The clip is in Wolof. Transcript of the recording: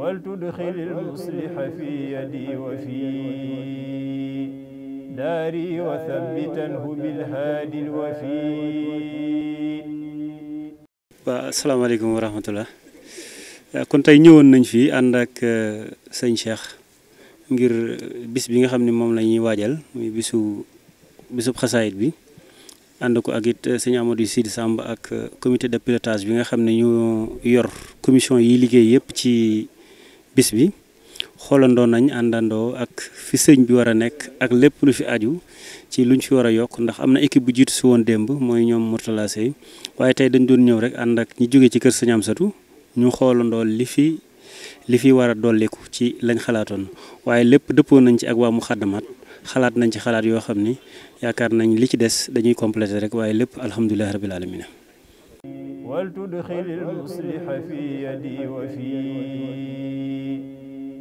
ولتدخل المصلح في يدي وفي داري وثبتنه بالهادي الوفي asalaamaaleykum wa rahmatullah kon tey ñëwoon nañ fii ànd ak euh, sëñ Cheikh ngir euh, bis bi nga xam ne moom la ñuy waajal muy bisu bisub xasaayit bi ànd ko ak it sëñ Amadou Sidi ak euh, comité de pilotage bi nga xam ne ñu yor commission yi liggéey yëpp ci bis bi xoolandoo nañ àndandoo ak fi sëñ bi war a nekk ak lépp lu fi aju ci luñ fi war a yokk ndax am na équipe bu jiitu si woon démb mooy ñoom Mourtala Sey waaye tey dañ doon ñëw rek ànd ak ñu jóge ci kër sëñ Amsatu ñu xoolandoo li fi li fi war a dolliku ci lañ xalaatoon waaye lépp dëppoo nañ ci ak waa mu xaddamaat xalaat nañ ci xalaat yoo xam ni yaakaar nañ li ci des dañuy complété rek waaye lépp alhamdulilahi rabbil alamina wal tudxil muslih